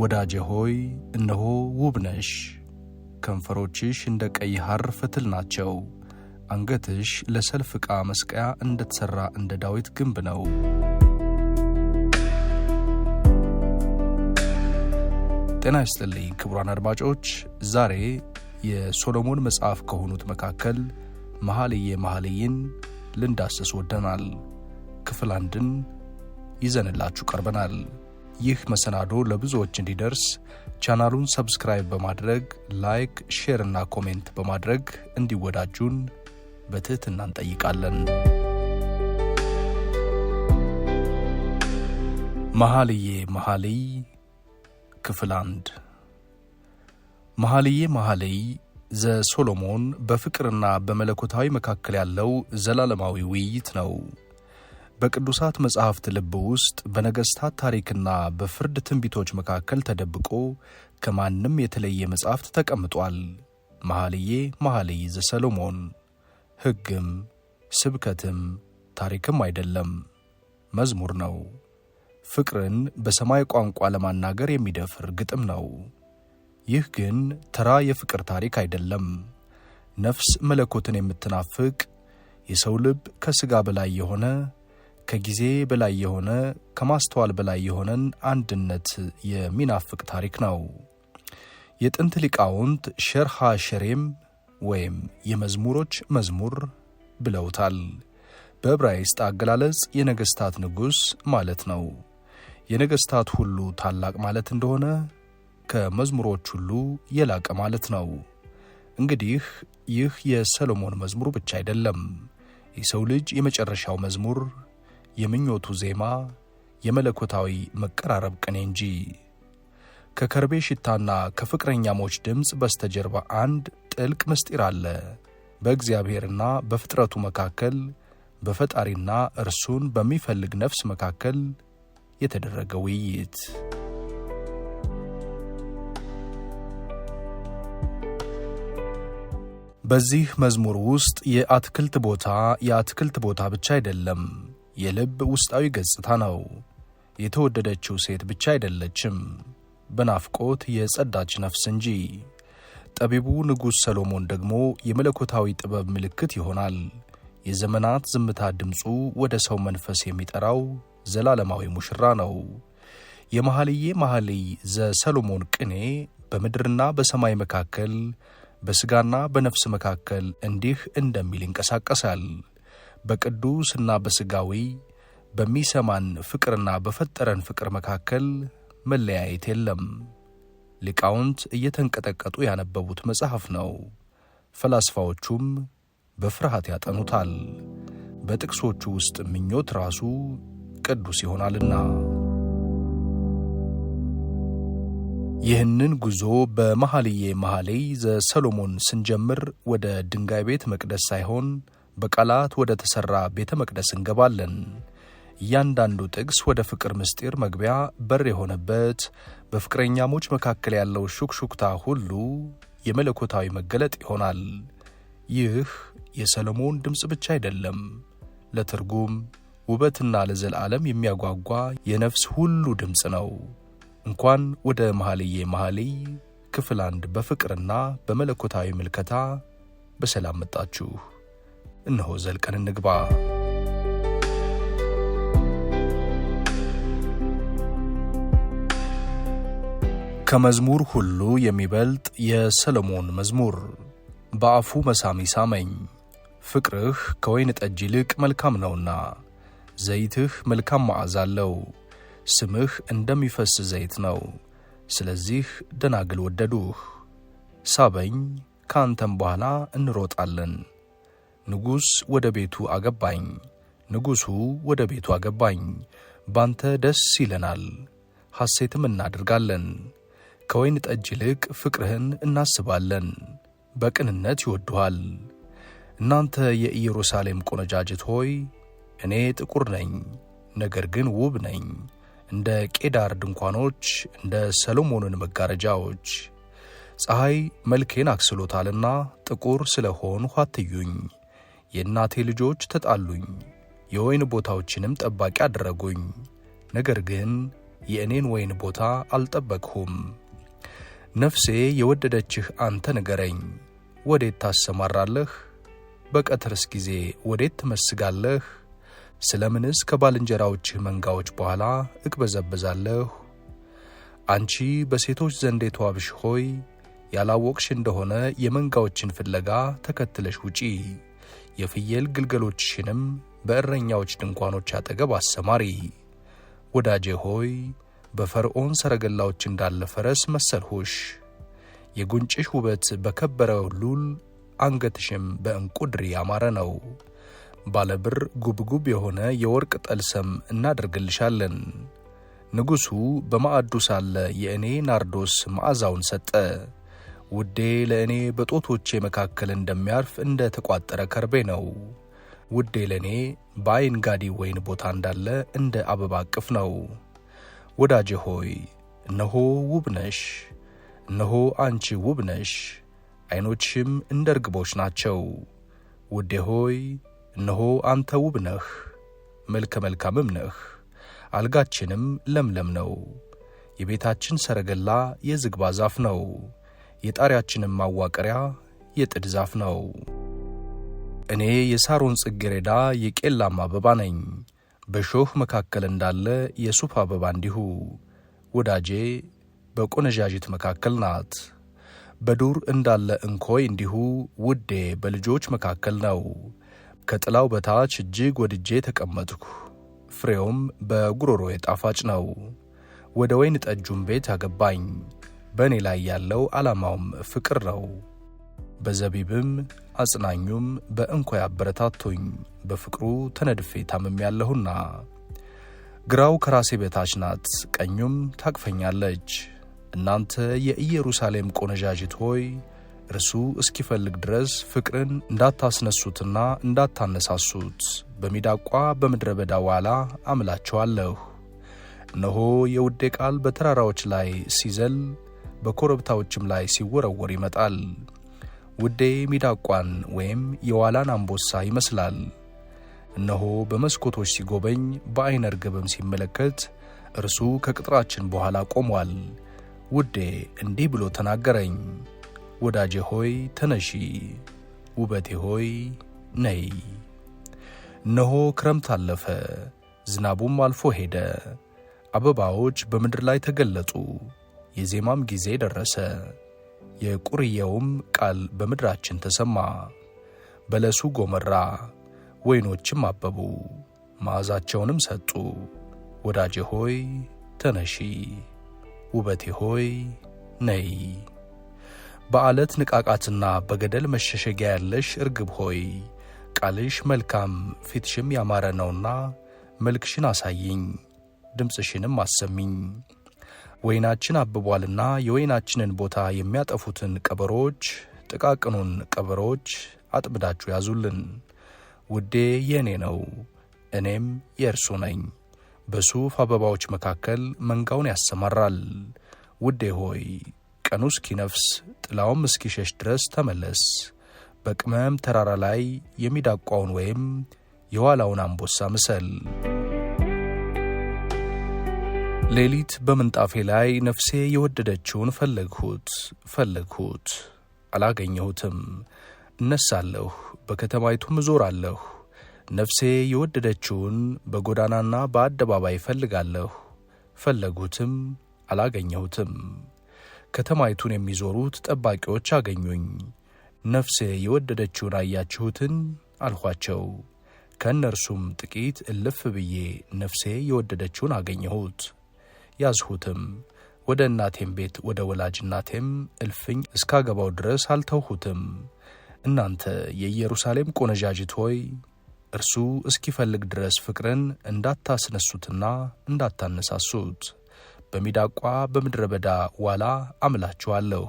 ወዳጄ ሆይ እነሆ ውብ ነሽ፣ ከንፈሮችሽ እንደ ቀይ ሐር ፈትል ናቸው፣ አንገትሽ ለሰልፍ ዕቃ መስቀያ እንደተሠራ እንደ ዳዊት ግንብ ነው። ጤና ይስጥልኝ ክቡራን አድማጮች፣ ዛሬ የሶሎሞን መጽሐፍ ከሆኑት መካከል መኃልየ መኃልይን ልንዳስስ ወደናል። ክፍል አንድን ይዘንላችሁ ቀርበናል። ይህ መሰናዶ ለብዙዎች እንዲደርስ ቻናሉን ሰብስክራይብ በማድረግ ላይክ፣ ሼር እና ኮሜንት በማድረግ እንዲወዳጁን በትህትና እንጠይቃለን። መሐልዬ መሐልይ ክፍል አንድ መሐልዬ መሐልይ ዘሶሎሞን በፍቅርና በመለኮታዊ መካከል ያለው ዘላለማዊ ውይይት ነው። በቅዱሳት መጻሕፍት ልብ ውስጥ በነገሥታት ታሪክና በፍርድ ትንቢቶች መካከል ተደብቆ ከማንም የተለየ መጽሐፍት ተቀምጧል። መኃልየ መኃልይ ዘሰሎሞን ሕግም ስብከትም ታሪክም አይደለም፣ መዝሙር ነው። ፍቅርን በሰማይ ቋንቋ ለማናገር የሚደፍር ግጥም ነው። ይህ ግን ተራ የፍቅር ታሪክ አይደለም። ነፍስ መለኮትን የምትናፍቅ የሰው ልብ ከሥጋ በላይ የሆነ ከጊዜ በላይ የሆነ ከማስተዋል በላይ የሆነን አንድነት የሚናፍቅ ታሪክ ነው። የጥንት ሊቃውንት ሸርሃ ሸሬም ወይም የመዝሙሮች መዝሙር ብለውታል። በዕብራይስጥ አገላለጽ የነገሥታት ንጉሥ ማለት ነው። የነገሥታት ሁሉ ታላቅ ማለት እንደሆነ ከመዝሙሮች ሁሉ የላቀ ማለት ነው። እንግዲህ ይህ የሰሎሞን መዝሙር ብቻ አይደለም፣ የሰው ልጅ የመጨረሻው መዝሙር የምኞቱ ዜማ የመለኮታዊ መቀራረብ ቅኔ እንጂ። ከከርቤ ሽታና ከፍቅረኛሞች ድምፅ በስተጀርባ አንድ ጥልቅ ምስጢር አለ። በእግዚአብሔርና በፍጥረቱ መካከል፣ በፈጣሪና እርሱን በሚፈልግ ነፍስ መካከል የተደረገ ውይይት። በዚህ መዝሙር ውስጥ የአትክልት ቦታ የአትክልት ቦታ ብቻ አይደለም። የልብ ውስጣዊ ገጽታ ነው። የተወደደችው ሴት ብቻ አይደለችም፣ በናፍቆት የጸዳች ነፍስ እንጂ። ጠቢቡ ንጉሥ ሰሎሞን ደግሞ የመለኮታዊ ጥበብ ምልክት ይሆናል። የዘመናት ዝምታ ድምፁ ወደ ሰው መንፈስ የሚጠራው ዘላለማዊ ሙሽራ ነው። የመሐልዬ መሐልይ ዘሰሎሞን ቅኔ በምድርና በሰማይ መካከል በሥጋና በነፍስ መካከል እንዲህ እንደሚል ይንቀሳቀሳል። በቅዱስና በሥጋዊ በሚሰማን ፍቅርና በፈጠረን ፍቅር መካከል መለያየት የለም። ሊቃውንት እየተንቀጠቀጡ ያነበቡት መጽሐፍ ነው። ፈላስፋዎቹም በፍርሃት ያጠኑታል። በጥቅሶቹ ውስጥ ምኞት ራሱ ቅዱስ ይሆናልና ይህንን ጉዞ በመሐልዬ መኃልይ ዘሰሎሞን ስንጀምር ወደ ድንጋይ ቤት መቅደስ ሳይሆን በቃላት ወደ ተሠራ ቤተ መቅደስ እንገባለን። እያንዳንዱ ጥቅስ ወደ ፍቅር ምስጢር መግቢያ በር የሆነበት በፍቅረኛሞች መካከል ያለው ሹክሹክታ ሁሉ የመለኮታዊ መገለጥ ይሆናል። ይህ የሰሎሞን ድምፅ ብቻ አይደለም፣ ለትርጉም ውበትና ለዘላለም የሚያጓጓ የነፍስ ሁሉ ድምፅ ነው። እንኳን ወደ መኃልየ መኃልይ ክፍል አንድ በፍቅርና በመለኮታዊ ምልከታ በሰላም መጣችሁ። እነሆ ዘልቀን እንግባ። ከመዝሙር ሁሉ የሚበልጥ የሰሎሞን መዝሙር። በአፉ መሳሚ ሳመኝ፣ ፍቅርህ ከወይን ጠጅ ይልቅ መልካም ነውና፣ ዘይትህ መልካም መዓዛ አለው፣ ስምህ እንደሚፈስ ዘይት ነው። ስለዚህ ደናግል ወደዱህ። ሳበኝ፣ ከአንተም በኋላ እንሮጣለን። ንጉሥ ወደ ቤቱ አገባኝ፣ ንጉሡ ወደ ቤቱ አገባኝ። ባንተ ደስ ይለናል፣ ሐሴትም እናደርጋለን። ከወይን ጠጅ ይልቅ ፍቅርህን እናስባለን፣ በቅንነት ይወድኋል። እናንተ የኢየሩሳሌም ቆነጃጅት ሆይ እኔ ጥቁር ነኝ፣ ነገር ግን ውብ ነኝ፣ እንደ ቄዳር ድንኳኖች፣ እንደ ሰሎሞንን መጋረጃዎች። ፀሐይ መልኬን አክስሎታልና ጥቁር ስለ ሆንሁ አትዩኝ። የእናቴ ልጆች ተጣሉኝ፣ የወይን ቦታዎችንም ጠባቂ አደረጉኝ። ነገር ግን የእኔን ወይን ቦታ አልጠበቅሁም። ነፍሴ የወደደችህ አንተ ንገረኝ፣ ወዴት ታሰማራለህ? በቀትርስ ጊዜ ወዴት ትመስጋለህ? ስለ ምንስ ከባልንጀራዎችህ መንጋዎች በኋላ እቅበዘብዛለሁ? አንቺ በሴቶች ዘንድ የተዋብሽ ሆይ ያላወቅሽ እንደሆነ የመንጋዎችን ፍለጋ ተከትለሽ ውጪ። የፍየል ግልገሎችሽንም በእረኛዎች ድንኳኖች አጠገብ አሰማሪ። ወዳጄ ሆይ በፈርዖን ሰረገላዎች እንዳለ ፈረስ መሰልሁሽ። የጉንጭሽ ውበት በከበረ ሉል፣ አንገትሽም በእንቁ ድሪ ያማረ ነው። ባለብር ጉብጉብ የሆነ የወርቅ ጠልሰም እናደርግልሻለን። ንጉሡ በማዕዱ ሳለ የእኔ ናርዶስ መዓዛውን ሰጠ። ውዴ ለእኔ በጦቶቼ መካከል እንደሚያርፍ እንደ ተቋጠረ ከርቤ ነው። ውዴ ለእኔ ጋዲ ወይን ቦታ እንዳለ እንደ አበባ እቅፍ ነው። ወዳጄ ሆይ እነሆ ውብ ነሽ፣ እነሆ አንቺ ውብ ነሽ፣ አይኖችሽም እንደ ርግቦች ናቸው። ውዴ ሆይ እነሆ አንተ ውብ ነህ፣ መልከ መልካምም ነህ። አልጋችንም ለምለም ነው። የቤታችን ሰረገላ የዝግባ ዛፍ ነው። የጣሪያችንን ማዋቀሪያ የጥድ ዛፍ ነው። እኔ የሳሮን ጽጌረዳ የቄላማ አበባ ነኝ፣ በሾህ መካከል እንዳለ የሱፍ አበባ እንዲሁ። ወዳጄ በቆነዣዥት መካከል ናት፣ በዱር እንዳለ እንኮይ እንዲሁ። ውዴ በልጆች መካከል ነው፣ ከጥላው በታች እጅግ ወድጄ ተቀመጥኩ። ፍሬውም በጉሮሮዬ ጣፋጭ ነው፣ ወደ ወይን ጠጁም ቤት አገባኝ። በእኔ ላይ ያለው ዓላማውም ፍቅር ነው። በዘቢብም አጽናኙም በእንኮይ አበረታቶኝ በፍቅሩ ተነድፌ ታምም ያለሁና ግራው ከራሴ በታች ናት፣ ቀኙም ታቅፈኛለች። እናንተ የኢየሩሳሌም ቆነጃጅት ሆይ እርሱ እስኪፈልግ ድረስ ፍቅርን እንዳታስነሱትና እንዳታነሳሱት በሚዳቋ በምድረ በዳ ዋላ አምላችኋለሁ። እነሆ የውዴ ቃል በተራራዎች ላይ ሲዘል በኮረብታዎችም ላይ ሲወረወር ይመጣል። ውዴ ሚዳቋን ወይም የዋላን አምቦሳ ይመስላል። እነሆ በመስኮቶች ሲጎበኝ በዐይነ ርግብም ሲመለከት እርሱ ከቅጥራችን በኋላ ቆሟል። ውዴ እንዲህ ብሎ ተናገረኝ። ወዳጄ ሆይ ተነሺ፣ ውበቴ ሆይ ነይ። እነሆ ክረምት አለፈ፣ ዝናቡም አልፎ ሄደ። አበባዎች በምድር ላይ ተገለጡ። የዜማም ጊዜ ደረሰ፣ የቁርየውም ቃል በምድራችን ተሰማ። በለሱ ጎመራ፣ ወይኖችም አበቡ፣ መዓዛቸውንም ሰጡ። ወዳጄ ሆይ ተነሺ፣ ውበቴ ሆይ ነይ። በዓለት ንቃቃትና በገደል መሸሸጊያ ያለሽ እርግብ ሆይ ቃልሽ መልካም ፊትሽም ያማረ ነውና መልክሽን አሳይኝ፣ ድምፅሽንም አሰሚኝ። ወይናችን አብቧልና የወይናችንን ቦታ የሚያጠፉትን ቀበሮዎች፣ ጥቃቅኑን ቀበሮዎች አጥምዳችሁ ያዙልን። ውዴ የእኔ ነው፣ እኔም የእርሱ ነኝ። በሱፍ አበባዎች መካከል መንጋውን ያሰማራል። ውዴ ሆይ ቀኑ እስኪነፍስ ጥላውም እስኪሸሽ ድረስ ተመለስ። በቅመም ተራራ ላይ የሚዳቋውን ወይም የዋላውን አንበሳ ምሰል። ሌሊት በምንጣፌ ላይ ነፍሴ የወደደችውን ፈለግሁት ፈለግሁት፣ አላገኘሁትም። እነሳለሁ፣ በከተማይቱም እዞራለሁ። ነፍሴ የወደደችውን በጎዳናና በአደባባይ ፈልጋለሁ። ፈለግሁትም፣ አላገኘሁትም። ከተማይቱን የሚዞሩት ጠባቂዎች አገኙኝ። ነፍሴ የወደደችውን አያችሁትን አልኋቸው። ከእነርሱም ጥቂት እልፍ ብዬ ነፍሴ የወደደችውን አገኘሁት። ያዝሁትም። ወደ እናቴም ቤት ወደ ወላጅ እናቴም እልፍኝ እስካገባው ድረስ አልተውሁትም። እናንተ የኢየሩሳሌም ቆነጃጅት ሆይ እርሱ እስኪፈልግ ድረስ ፍቅርን እንዳታስነሱትና እንዳታነሳሱት በሚዳቋ በምድረ በዳ ዋላ አምላችኋለሁ።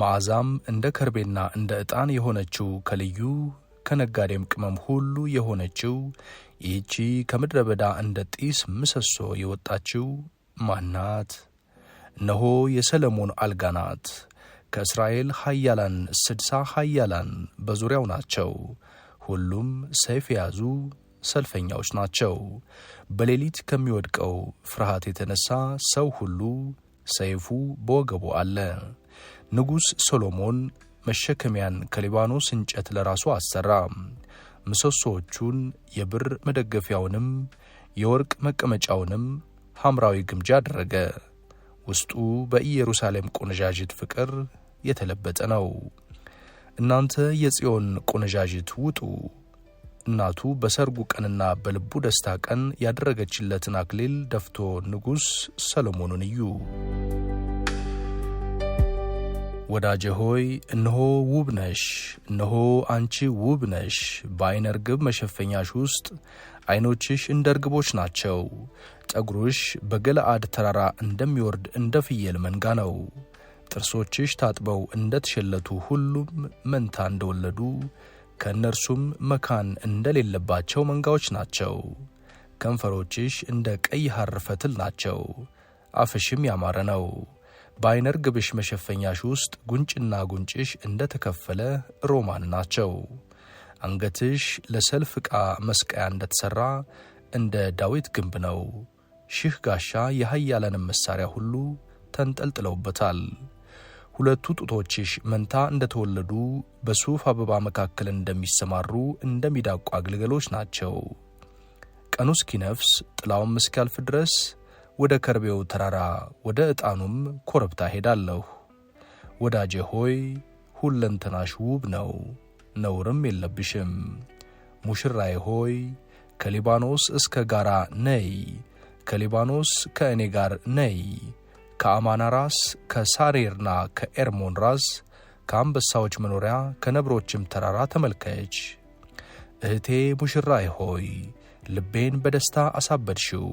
መዓዛም እንደ ከርቤና እንደ ዕጣን የሆነችው ከልዩ ከነጋዴም ቅመም ሁሉ የሆነችው ይህቺ ከምድረ በዳ እንደ ጢስ ምሰሶ የወጣችው ማናት? እነሆ የሰለሞን አልጋ ናት። ከእስራኤል ኃያላን ስድሳ ኃያላን በዙሪያው ናቸው። ሁሉም ሰይፍ የያዙ ሰልፈኛዎች ናቸው። በሌሊት ከሚወድቀው ፍርሃት የተነሳ ሰው ሁሉ ሰይፉ በወገቡ አለ። ንጉሥ ሰሎሞን መሸከሚያን ከሊባኖስ እንጨት ለራሱ አሠራ። ምሰሶዎቹን የብር መደገፊያውንም የወርቅ መቀመጫውንም ሐምራዊ ግምጃ አደረገ። ውስጡ በኢየሩሳሌም ቆነጃጅት ፍቅር የተለበጠ ነው። እናንተ የጽዮን ቆነጃጅት ውጡ፣ እናቱ በሰርጉ ቀንና በልቡ ደስታ ቀን ያደረገችለትን አክሊል ደፍቶ ንጉሥ ሰሎሞንን እዩ። ወዳጀ ሆይ እነሆ ውብ ነሽ፣ እነሆ አንቺ ውብ ነሽ። በዓይነ ርግብ መሸፈኛሽ ውስጥ ዐይኖችሽ እንደ ርግቦች ናቸው። ጠጉርሽ በገለአድ ተራራ እንደሚወርድ እንደ ፍየል መንጋ ነው። ጥርሶችሽ ታጥበው እንደ ተሸለቱ ሁሉም መንታ እንደወለዱ ከእነርሱም መካን እንደሌለባቸው መንጋዎች ናቸው። ከንፈሮችሽ እንደ ቀይ ሐር ፈትል ናቸው። አፍሽም ያማረ ነው። በአይነ ርግብሽ መሸፈኛሽ ውስጥ ጉንጭና ጉንጭሽ እንደ ተከፈለ ሮማን ናቸው። አንገትሽ ለሰልፍ ዕቃ መስቀያ ተሠራ እንደ ዳዊት ግንብ ነው። ሺህ ጋሻ የኃያላንም መሣሪያ ሁሉ ተንጠልጥለውበታል። ሁለቱ ጡቶችሽ መንታ እንደተወለዱ በሱፍ አበባ መካከል እንደሚሰማሩ እንደ ሚዳቋ ግልገሎች ናቸው። ቀኑ እስኪነፍስ ጥላውም እስኪያልፍ ድረስ ወደ ከርቤው ተራራ ወደ ዕጣኑም ኮረብታ ሄዳለሁ። ወዳጄ ሆይ ሁለንተናሽ ውብ ነው፣ ነውርም የለብሽም። ሙሽራዬ ሆይ ከሊባኖስ እስከ ጋራ ነይ፣ ከሊባኖስ ከእኔ ጋር ነይ። ከአማና ራስ ከሳሬርና ከኤርሞን ራስ ከአንበሳዎች መኖሪያ ከነብሮችም ተራራ ተመልከች። እህቴ ሙሽራዬ ሆይ ልቤን በደስታ አሳበድሽው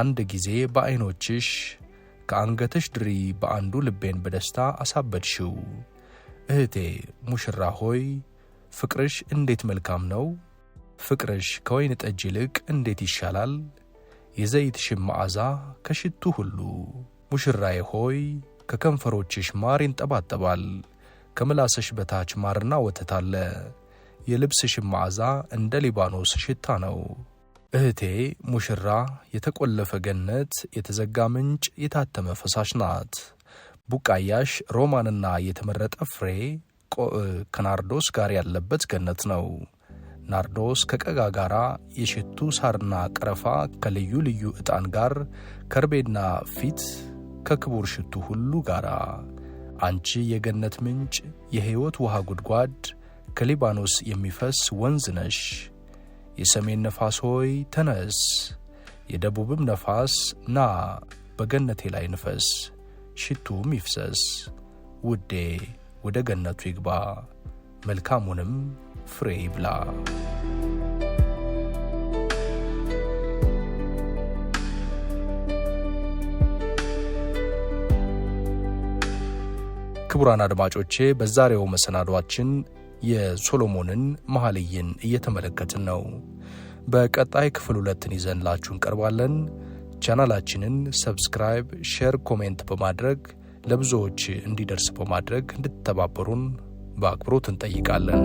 አንድ ጊዜ በዐይኖችሽ ከአንገትሽ ድሪ በአንዱ ልቤን በደስታ አሳበድሽው። እህቴ ሙሽራ ሆይ ፍቅርሽ እንዴት መልካም ነው! ፍቅርሽ ከወይን ጠጅ ይልቅ እንዴት ይሻላል! የዘይትሽን መዓዛ ከሽቱ ሁሉ። ሙሽራዬ ሆይ ከከንፈሮችሽ ማር ይንጠባጠባል፣ ከምላስሽ በታች ማርና ወተት አለ። የልብስሽን መዓዛ እንደ ሊባኖስ ሽታ ነው። እህቴ ሙሽራ የተቆለፈ ገነት፣ የተዘጋ ምንጭ፣ የታተመ ፈሳሽ ናት። ቡቃያሽ ሮማንና የተመረጠ ፍሬ ከናርዶስ ጋር ያለበት ገነት ነው። ናርዶስ ከቀጋ ጋር፣ የሽቱ ሳርና ቀረፋ ከልዩ ልዩ ዕጣን ጋር፣ ከርቤና ፊት ከክቡር ሽቱ ሁሉ ጋር። አንቺ የገነት ምንጭ፣ የሕይወት ውሃ ጉድጓድ፣ ከሊባኖስ የሚፈስ ወንዝ ነሽ። የሰሜን ነፋስ ሆይ ተነስ፣ የደቡብም ነፋስ ና በገነቴ ላይ ንፈስ፣ ሽቱም ይፍሰስ፣ ውዴ ወደ ገነቱ ይግባ፣ መልካሙንም ፍሬ ይብላ። ክቡራን አድማጮቼ በዛሬው መሰናዷችን የሶሎሞንን መኃልይን እየተመለከትን ነው። በቀጣይ ክፍል ሁለትን ይዘንላችሁ እንቀርባለን። ቻናላችንን ሰብስክራይብ፣ ሼር፣ ኮሜንት በማድረግ ለብዙዎች እንዲደርስ በማድረግ እንድትተባበሩን በአክብሮት እንጠይቃለን።